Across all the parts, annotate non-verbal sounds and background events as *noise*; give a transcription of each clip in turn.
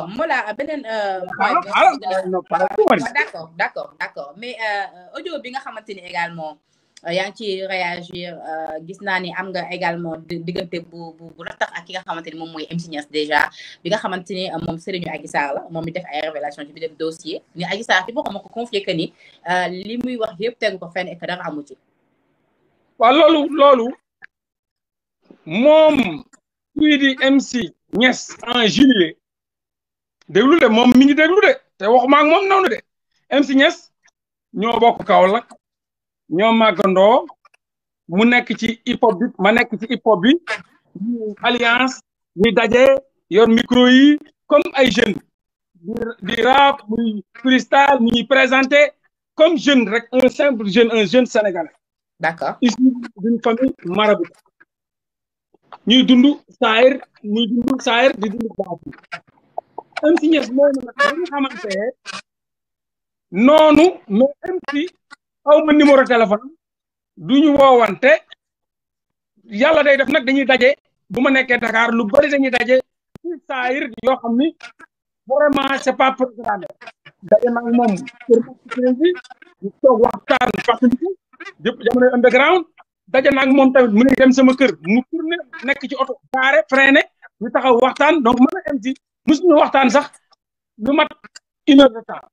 Mollah beneen ah, ah, ah, point d'accord d'accord d'accord mais euh, audio bi nga xamante ni également yaa ngi ci réagir gis naa ni am nga également diggante bu bu bu rattax ak ki nga xamante ni moom mooy MC Niass déjà bi nga xamante ni moom sëriñu Adji Sarr la moom mi def ay révélation ci bi def dossier ni Adji Sarr ci boppam ko confié que ni li muy wax yëpp tegu ko fenn et que dara amu ci waaw kuy di MC Niass en juillet déglu moom mi ngi déglu de te waxuma ak moom noonu de MC ñoo bokk Kaolack ñoo màggandoo mu nekk ci hip hop bi ma nekk ci hip hop bi alliance ñuy daje yor micro yi comme ay jeunes di rap muy freestyle mu ñuy comme jeune rek un simple jeune un jeune sénégalais. dund saayir ñuy dund saayir di dund baatin MC Niass mooy ma nag nga xamante ma numéro téléphone du ñu woowante yàlla day def nag dañuy daje bu ma nekkee Dakar lu bëri dañuy daje ci saayir yoo xam ni vraiment c'est pas programmé daje naa moom kër Moussa toog waxtaan fàttaliku jëpp jamonoy underground moom tamit mu ne sama kër nekk ci oto. carré freiné ñu taxaw waxtaan donc mën MC musuñu waxtaan sax lu mat une heure de temps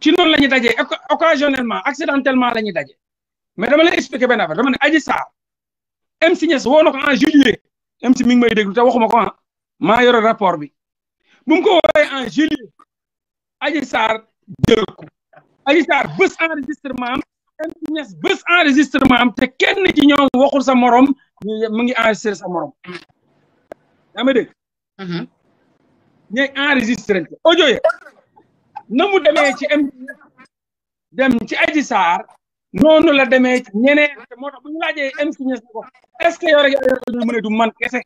ci noonu la ñuy dajee occasionnellement accidentellement la ñuy dajee mais dama lay expliquer benn affaire dama ne aji Sarr MC Niass woo na ko en juillet MC mi ngi may déglu te waxuma ko ah maa yore rapport bi bu mu ko woowee en juillet aji Sarr jël ko Adji Sarr bés enregistrement MC Niass bés enregistrement te kenn ci ñoom waxul sa morom mu ngi enregistré sa morom yaa ma dégg mm-hmm. ñooy enregistré ko audio ya na mu demee ci m dem ci Adji Sarr noonu la demee ci ñeneen moo tax bu ñu laajee m signes ko est que yow rek yaa mën a man kese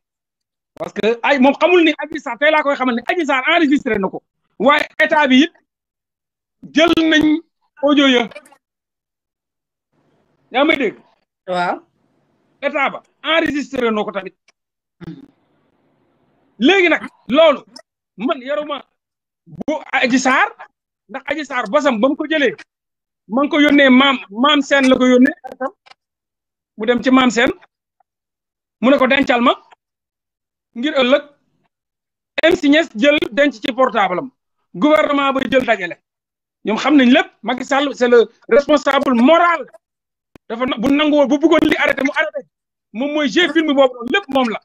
parce que ay moom xamul ni Adji Sarr tey laa koy xamal ne Adji Sarr enregistré na ko waaye état bi it jël nañ audio ya yaa may dégg waaw état na ko tamit hmm. léegi nag loolu man yaruma bu aji saar ndax aji saar basam ba mu ko jëlee ma ko yónnee maam maam seen la ko yónnee mu dem ci maam seen mu ne ko dencal ma ngir ëllëg MC Niass jël denc ci portable am gouvernement ba jël dajale ñoom xam nañ lépp Macky Sall c'est le responsable moral na bu nangu woon bu bëggoon li arrêté mu arrêté moom mooy jeu film boobu noonu lépp moom la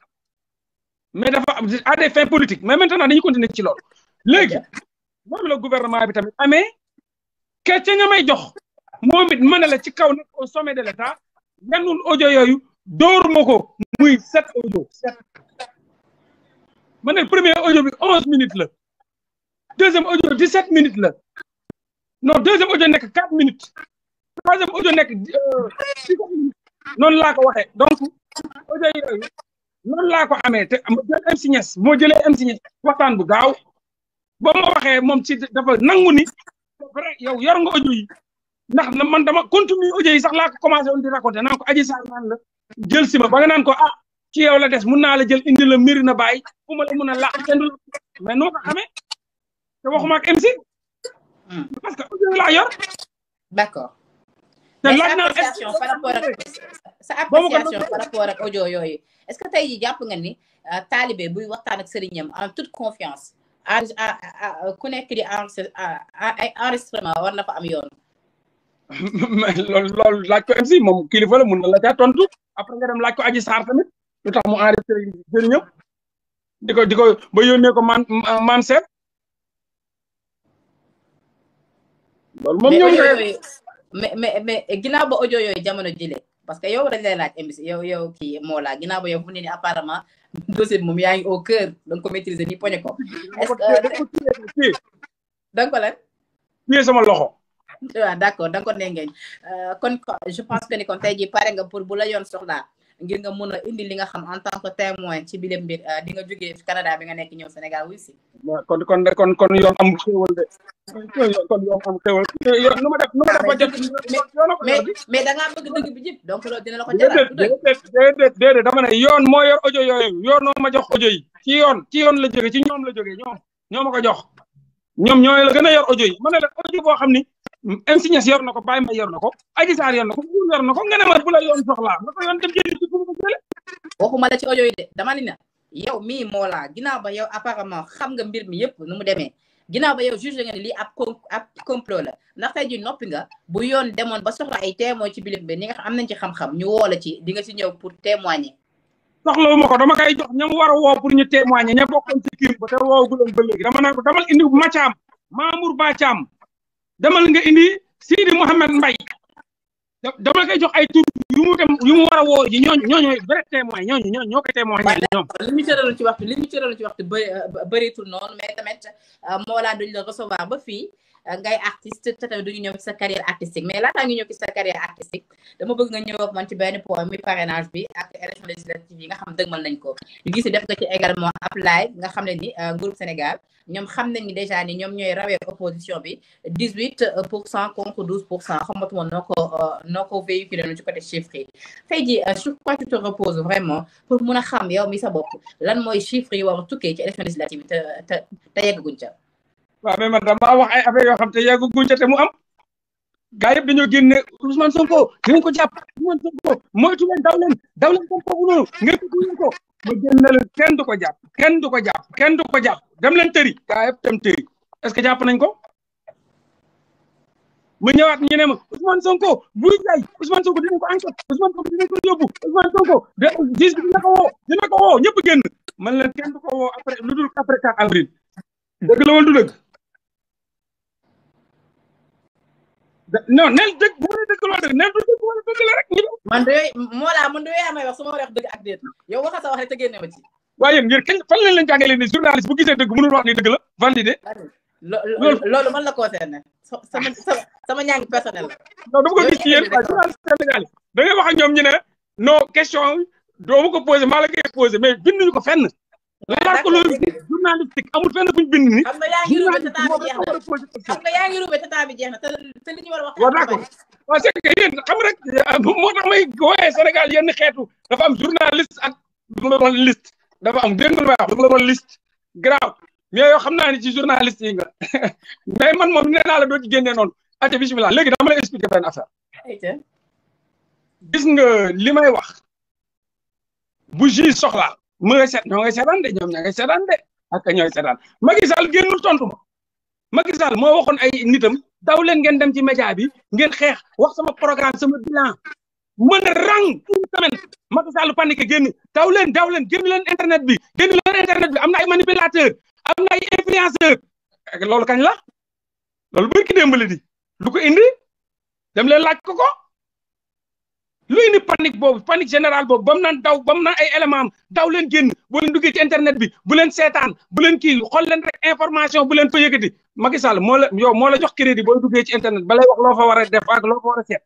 mais dafa am à des fins politiques mais maintenant dañuy continuer ci loolu léegi moom la gouvernement bi tamit amee ke ca ña may jox moom it mën la ci kaw nag au sommet de l' état yanul audio yooyu dóor ma ko muy sept audio ma ne premier audio bi onze minutes la deuxième audio dix sept minutes la non deuxième ojo nekk quatre minutes troisième ojo nekk dix euh, sept minutes noonu laa ko waxee donc audio yooyu noonu laa ko amee te ma jël MC Niass moo jëlee MC Niass waxtaan bu gaaw ba ma waxee moom ci dafa nangu ni vrai yow yor nga audio yi ndax man dama continue audio yi sax laa ko commencé woon di raconté naan ko aji saar naan la jël si ma ba nga naan ko ah ci yow la des mun naa la jël indi la mbir na bàyyi fu ma la mun a laax kenn du la mais noo ko xamee te waxuma MC hmm. parce que audio laa yor d'accord naa par sa appréciation par rapport ak audio yooyu est-ce que tey jii jàpp nga ni euh, taalibe buy waxtaan ak sëriñam en toute confiance ku nekk di enregistrement war na fa am yoon *laughs* lool loolu laaj ko MC moom kilifa la mun na la caa tontu après nga dem laaj ko aji saar tamit lu tax mu enregistré sëriñam di ko di ko ba yónnee ko man man loolu moom ñoom mais mais mais ginnaaw ba audio yooyu jamono jile parce que yow dañ lay laaj MBC yow yow kii moo laa ginnaaw ba yow fu ne nii apparemment dossier bi moom yaa ngi au cœur da nga ko maîtriser nii poñe ko. est-ce que da ko lan. sama loxo. waaw ah, d'accord da nga ko nee ngeen euh, kon je pense que ni kon tey jii pare nga pour bu la yoon soxlaa. ngir nga mën a indi li nga xam en tant que témoin ci bile mbir euh, di nga jógee Canada bi nga nekk ñëw Sénégal wuy si. kon kon kon kon yoon am xéwal de kon yoon am ma def mais mais da ngaa jib donc loolu dina la ko dama ne yoon moo yor audio yooyu yoon moo jox audio ci yoon ci yoon la jógee ci ñoom la jógee ñoom ñoo ma ko jox. ñoom ñooy la gën a yor audio yi ma boo xam ni insignes yor na ko Baye Mbaye yor na ko Adji Sarr yor na ko Buur yor na ko nga ne ma bu la yoon soxlaa nga ko yoon dem ci bu ko jële dama na yow mii moo laa ginnaaw ba yow apparemment xam nga mbir mi yëpp nu mu demee ginnaaw ba yow juge nga ne lii ab ab complot la ndax ji noppi nga bu yoon demoon ba soxla ay témoin ci bilib bi ni nga xam am nañ ci xam-xam ñu woo ci di nga si ñëw pour témoigner soxlawu ma ko dama koy jox ñam war a woo pour ñu témoigner ña bokkoon ci crime ba te woowu guloon ba léegi demal nga indi Sidi Mouhamed Mbaye dama la koy jox ay tur yu mu dem yu mu war a woo ji ñooñu ñooñu vrai témoin ñooñu ñooñu ñoo koy témoin ñoom li ñu ci waxtu li ñu cëraloon ci waxtu bëreetul noonu mais tamit euh, moo laa duñ la recevoir ba fii ngay artiste te tamit duñu ñëw ci sa carrière artistique mais laataa ngi ñëw ci sa carrière artistique dama bëgg nga ñëw ak man ci benn point muy parrainage bi ak élection législative yi nga xam dëgmal nañ ko ñu gis ni def ko ci également apply nga xam ne ni euh, groupe Sénégal ñoom xam nañ ni déjà ni ñoom ñooy rawee opposition bi dix huit pour cent contre douze pour cent xamatu moon noo ko euh, noo ko véhiculé noonu ci côté chiffre yi tey ji euh, sur quoi tu te vraiment pour mun a xam yow mi sa bopp lan mooy chiffre yi war a ci élection législative te te te waaw mais man damaa wax ay affaire yoo xam te yàggu guñ te mu am gaa yëpp dañoo génne Ousmane Sonko dinañ ko jàpp Ousmane Sonko moytu leen daw leen daw leen comme foofu noonu nga ko ma génn leen kenn du ko jàpp kenn du ko jàpp kenn du ko jàpp dem leen tëri gaa yëpp dem tëri est-ce que jàpp nañ ko mu ñëwaat ñu ne ma Ousmane Sonko buy jaay Ousmane Sonko dinañ ko enquête Ousmane Sonko dinañ yóbbu Ousmane Sonko gis bi dina ko woo dina man leen kenn du ko woo après lu dul après 4 avril du dëgg non nel dëgg bu dee dëgg loo dëgg nel du dëgg wala dëgg la rek ñu. man de moo laa wax su ma war a wax dëgg ak déet yow waxal sa wax rek te génne ma ci. waaye yéen ngir kañ fan lañ leen jàngalee ni bu gisee dëgg mënul wax loolu man la sama sama ñaangi personnel la. ko gis ci yéen waaye journaliste Sénégal da ngay wax ak ñoom ñu ne non question doomu ko posé maa la koy posé mais binduñu ko fenn. la léegi loolu journalistique amul fenn fuñ bind ni. xam nga yaa na xam nga yaa ngi rubé tata bi jeex a parce que yéen xam rek moo tax may wooyee Sénégal yenn xeetu dafa am journaliste ak lu ma dafa am dégg nga lu ma wax ma yoo xam naa ni ci journaliste yi nga *laughs* mais man moom nee naa la doo ci génnee noonu ati bisimilah léegi dama lay expliquer benn affaire. gis nga li may wax bu ji soxlaa. mu nga seet ñoo ngay seetaan de ñoom ña ngay seetaan de ak ñooy seetaan Macky Sall génnul tontu ma Macky Sall moo waxoon ay nitam daw leen ngeen dem ci média bi ngeen xeex wax sama programme sama bilan mën a rang une semaine Macky Sall paniqué génn daw leen daw leen génn leen internet bi génn leen internet bi am na ay manipulateur am na ay influenceur loolu kañ la loolu bërki démbale di lu ko indi dem leen laaj ko ko lu indi panique boobu panique générale boobu bam mu naan daw ba mu naan ay élément am daw leen génn boo leen duggee internet bi bu leen seetaan bu leen kii xool leen rek information bu leen fa yëkkati Macky Sall moo la yow moo la jox crédit booy duggee ci internet balay wax loo fa war a def ak loo fa war a seet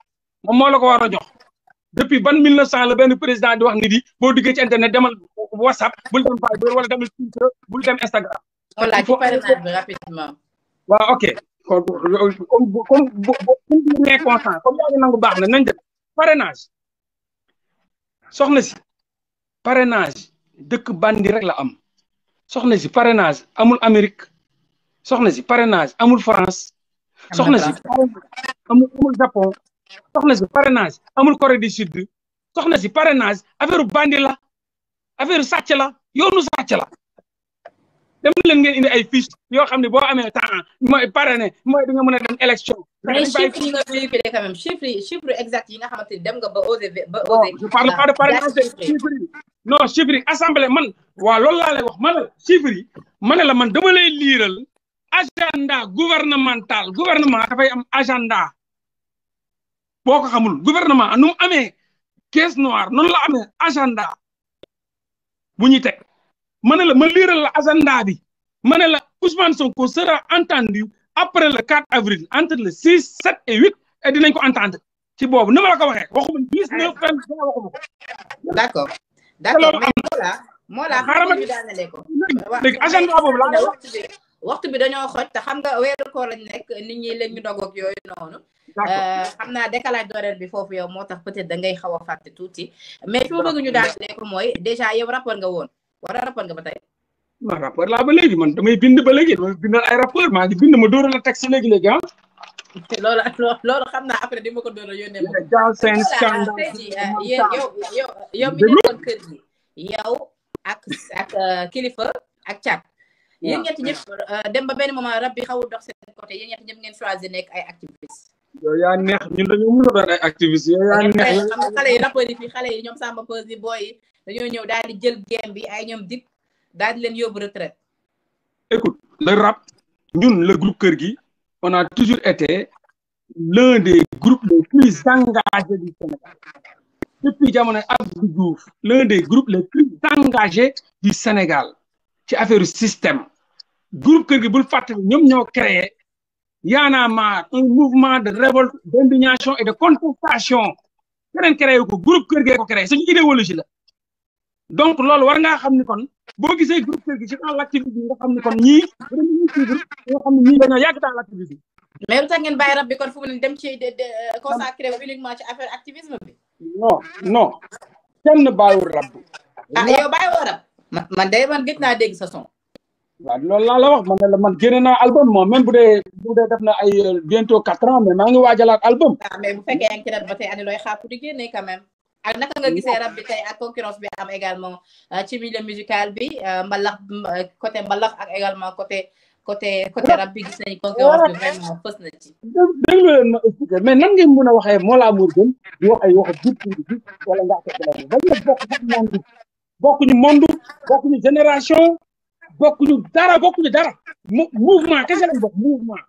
moom moo la ko war a jox depuis ban 1900 la benn président di wax nit yi boo duggee ci internet demal whatsapp bul dem Viber wala demal Twitter bul dem Instagram. il faut rapidement. waaw ok comme comme bu bu bu bu bu bu bu bu bu bu bu bu bu bu bu bu bu soxna si parrainage dëkk bandi rek la am soxna si parrainage amul Amérique soxna si parrainage amul France soxna si amul amul Japon soxna si parenage amul Corée du Sud soxna si parrainage affaire bandi la affaire sàcc la yoonu sàcc la dem leen ngeen indi ay fiche yoo xam ne boo amee temps mooy parrainé mooy di nga mën a dem élection. mais chiffres yi yi chiffres dem nga ba osé ba osé. je parle pas de man waaw loolu laa lay wax man la ma ne la man dama lay liiral agenda gouvernemental gouvernement dafay am agenda boo ko xamul gouvernement nu mu amee caisse noire noonu la amee agenda bu ñuy teg. ma ne la ma liiral la agenda bi ma ne la Ousmane Sonko sera bi après le 4 avril entre le 6 7 et 8 et dinañ ko entendre ci boobu ni ma la ko waxee waxuma 10 9 20 waxuma moo d'accord d'accord mais Mollah Mollah xaaral ma léegi agenda boobu laa waxtu bi dañoo xoj te xam nga weeru koor lañ nekk nit ñi lañ ñu dogoog yooyu noonu. Euh, xam naa décalage d'horaire bi foofu yow moo tax peut-être da ngay xaw a tuuti. mais fi ma bëgg ñu daanelee mooy déjà yow rapport nga woon. war a rapport nga ba tey. non rapport laa ba léegi man damay bind ba léegi damay bindal ay rapport maa ngi bind ma dóor la teg si léegi léegi ah. *laughs* loolu loolu xam naa après di ma ko doon yónnee. seen scandale euh, yow yow yow mi nekkoon kër gi. yow ak ak euh, kilifa ak cat. yéen ñett ñëpp euh, dem ba benn moment rab bi xaw dox seen côté yéen ñett ñëpp ngeen choisir nekk ay activiste. yow yaa neex ñun dañoo mën a doon ay activiste yow yaa neex. xam nga xale yi rappeurs yi fii xale yi ñoom Samba Peuzzi booy yi dañoo ñëw daal di jël game bi ay ñoom dip daal di leen yóbbu retraite. écoute le rap ñun le groupe Kër gi on a toujours été l'un des groupes les plus engagés du Sénégal depuis jamono Abdou des groupes les plus ci affaire système groupe Kër gi bul fàttali ñoom ñoo créé Y'en a un mouvement de révolte d'indignation et de contestation keneen créé ko groupe Kër gee ko créé suñu idéologie la donc loolu war ngaa xam ni kon boo gisee groupe Kër gi ci temps ti bi nga xam ni kon ñii vraiment ñuy suivre nga xam ni ñii dañoo mais lu tax ngeen rab bi kon fu ne dem ci consacré uniquement ci affaire activisme bi. non non kenn bàyyiwul rab bi. ah yow bàyyiwoo rab. man day man gëj naa dégg sa son. waaw loolu laa wax man génne naa album moom même bu dee def na ay euh, bientôt quatre ans mais maa ngi waajalaat album. waaw ah, mais bu fekkee yaa ngi ci rab ba tey année di génne quand ak naka nga gisee rab bi tey ak concurrence bi am également ci milieu musical bi mbalax côté mbalax ak également côté côté côté rab bi gis nañu concurrence bi vraiment fës na ci. dégg nga leen ma expliqué mais nan ngeen mën a waxee Mollah Morgun di wax ay wax jub jub wala nga ko jëlee ba ñu bokk bokk monde bokkuñu monde bokkuñu génération bokkuñu dara bokkuñu dara mouvement kese lañ bokk mouvement.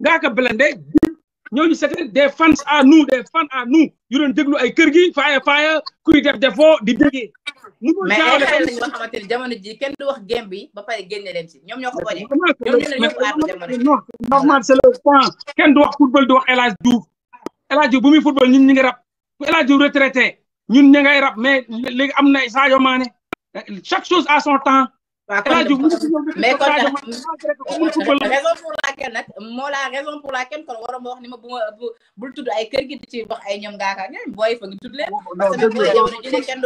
ngaa ko blende ñooñu c'est des fans à nous des fans à nous. yu doon déglu ay kër gi faaya faaya kuy def defoo di déggee. mënul jaawale mais ay xale lañ yoo xamante ni jamono ji kenn du wax game bi ba pare génne leen ci ñoom ñoo ko boole. ñoom ñu ne ñoo ko aar jamono ji normal c'est le point kenn du wax football du wax El Hadj Diouf El Hadj Diouf bu muy football ñun ñu ngi rab El Hadj Diouf retraité ñun ñu ngay rab mais léegi am na Sadio Mané chaque chose à son temps. mais kon raison pour laquelle nag moo la raison pour laquelle kon waroon ma wax ni ma bul tudd ay kër gi di ci wax ay ñoom ngaaka ñoom booy fa ngi tudd leen parce que booy yow ne kenn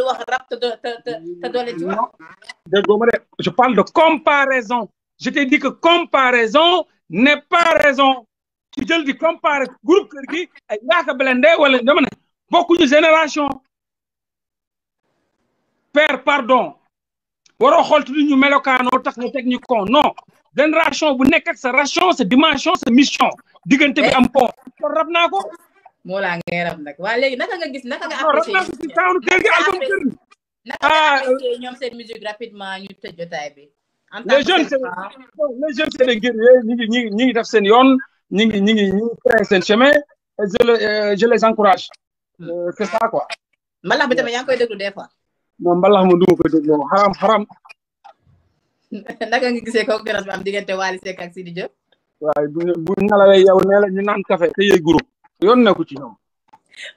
je parle de comparaison je t'ai dit que comparaison n'est pas raison tu jël di comparer groupe kër gi ay ngaaka blende wala dama ne génération père pardon waroo xool tudd ñu melokaanoo tax nga teg ñu kon non génération bu nekk ak sa ration sa dimension sa mission diggante bi eh. am pont kon rab naa ko. moo la ngay rab waa léegi naka nga gis na nga. apprécié rab naa ko si taawun kër gi album kër nga ah, apprécié ñoom seen musique rapidement ñu tëj jotaay bi. en tant que les jeunes ñu ngi ñu ñu ngi def seen yoon ñu ngi ñu ngi ñu ngi créé seen chemin je les euh, je les encourage. Hmm. Euh, c'est ça quoi. mbalax bi tamit yaa ngi koy déglu des fois. moom mbalax ma duma ko dégloo xaram xaram. naka nga gisee concurrence bi am diggante Wally Seck ak Sidi Diop. waaye bu nalawee yow nee la naan café te yee groupe yoon nekku ci ñoom.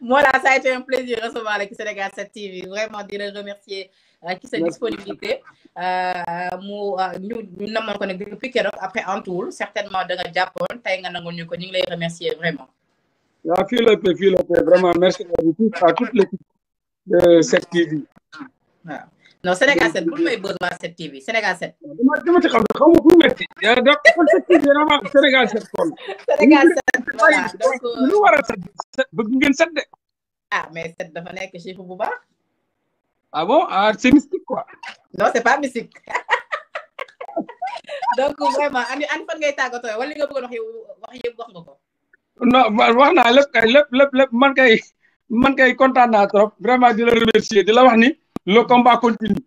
Mollah ça a été un plaisir recevoir la ci Sénégal 7 TV vraiment di la remercier euh, ci sa disponibilité euh, mu euh, ñu ñu namoon ko nag depuis après en tout certainement da nga jàppoon nga nangul ñu ko ngi lay remercier vraiment. waaw fii la paix fii la paix vraiment merci à vous tous set 7TV. waaw non Sénégal 7 bul may boos waa 7TV Sénégal 7. dama dama ci xam ne xaw ma fu metti kon 7TV Sénégal 7 kon. Sénégal 7 voilà euh, lu war a 7 bëgg ngeen 7 de. ah mais 7 dafa nekk chiffre bu baax. ah bon ah c'est mystique quoi. non c'est pas mystique. *laughs* donc vraiment ani an fan ngay tàggatoo wala li nga wax yow wax yëpp ko. non wax naa lépp kay lépp lépp lépp man kay. man kay kontaan naa trop vraiment di la remercier la wax ni le combat continue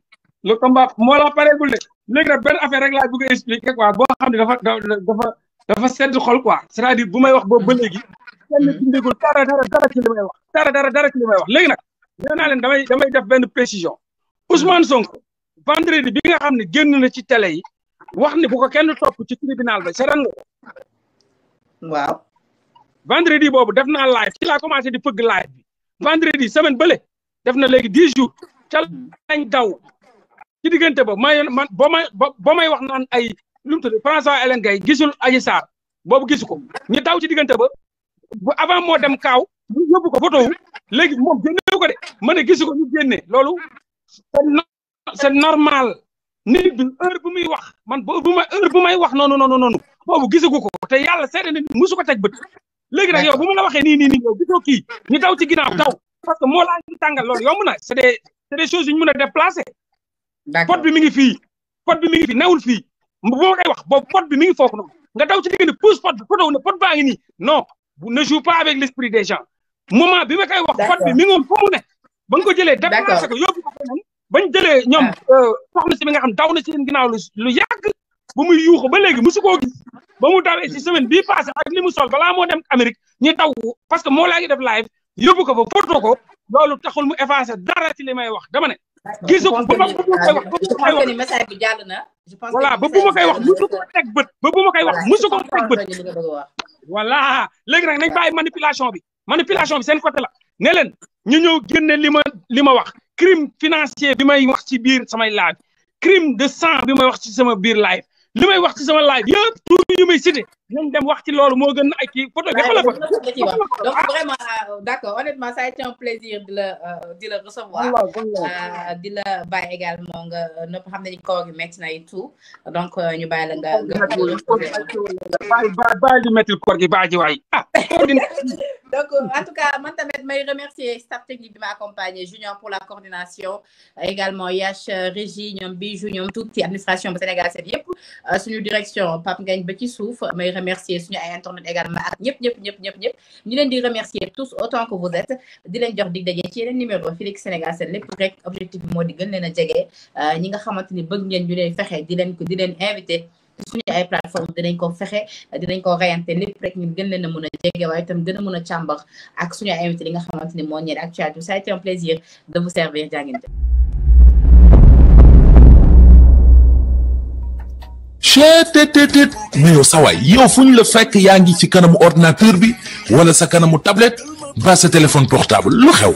le combat moo la pareegul de léegi nag benn affaire rek laa bëgg a expliquer quoi boo xam ne dafa dafa dafa sedd xol quoi c'est-à-dire bu may wax boobu ba léegi kenn bindagul dara dara dara may wax dara dara dara ci may wax léegi nag nee naa leen damay damay def benn précision Ousmane Sonko vendredi bi nga xam ne génn na ci télé yi wax ni bu ko kenn topp ci tribunal ba seetaan nga waaw vendredi boobu def naa live ci laa commencé di fëgg live vendredi semaine bële def na léegi dix jours ca hmm. lañ daw ci diggante ba may man ba may ba may wax naan ay lu mu tudd François Hélène Gaye gisul Adji Sarr boobu gisu ko ñu daw ci diggante ba avant moo dem kaaw ñu yóbbu ko photo léegi moom génne ko de ma ne gisu ko ñu génne loolu c'est normal nit bi heure bu muy wax man bu ma heure bu may wax noonu noonu noonu boobu gisagu ko te yàlla seede na musu ko teg bët léegi nag yow bu ma la waxee nii nii nii yow gisoo kii ñu daw ci ginnaaw daw parce que moo laa ngi tàngal yomb na c'est des c'est des choses a déplacer. pot bi mi ngi fii pot bi mi ngi newul fii bu ma koy wax bo pot bi mi ngi foofu noonu nga daw ci digg ni pousse pot bi foto ne pot baa ngi nii ne joue pas avec l'esprit des gens moment bi ma koy wax. pot bi mi ngi woon fu mu ne. ba nga ko jëlee déplacé ko yóbbu ko bañ mi ah. euh, nga xam daw na ci ginnaaw lu lu bu muy yuuxu ba léegi musu koo gis ba mu dawee ci semaine bii passé ak li mu sol balaa moo dem Amérique ñu taw parce que moo laa ngi def live yóbbu ko fa foto ko loolu taxul mu effacé dara ci li may wax damane ne. gisu ba bu ma koy wax ba bu ma koy wax message bi jàll na. voilà ba bu ma koy wax musu ko teg bët ba bu ma koy wax musu ko teg bët. voilà léegi nag nañ bàyyi manipulation bi manipulation bi seen côté la ne leen ñu ñëw génne li ma li ma wax crime financier bi may wax ci biir samay live crime de sang bi may wax ci sama biir live li may wax ci sama live yëpp tuur yu may cité nañ dem wax ci loolu moo gën ay kii photographe la ko donc vraiment euh, d'accord honnêtement ça a été un plaisir di la di la recevoir euh, di la bàyyi également nga nëpp xam nañu koor gi métti na et tout donc euh, ñu bàyyi la nga nga baay baay di métti koor gi baa waay ah *laughs* donc en tout cas man tamit may remercier staff technique bi ma accompagné Junior pour la coordination également YH euh, Régie ñoom Bijou ñoom tuuti administration bu Sénégal seen yëpp euh, suñu direction Pape Ngagne ba ci suuf may remercier suñu ay internet également ak ñëpp ñëpp ñëpp ñëpp ñëpp leen di remercier tous autant que vous êtes di leen jox dig daje ci yeneen numéro Feeling Sénégal seen lépp rek objectif bi moo di gën leen a jege euh, ñi nga xamante ni bëgg ngeen ñu leen fexe di leen di leen invité suñu ay plateforme danañ ko fexe dinañ ko reyante lépp rek ñun gën leen a mën a jege waaye itam gën a mën a càmbar ak suñu ay invité li nga xamante ni moo ñeel actualité ça a été un plaisir de vous servir jànginte chetttt mais yow sawaay yow fu ñu la fekk yaa ngi ci kanamu ordinateur bi wala sa kanamu tablette ba sa téléphone portable lu xew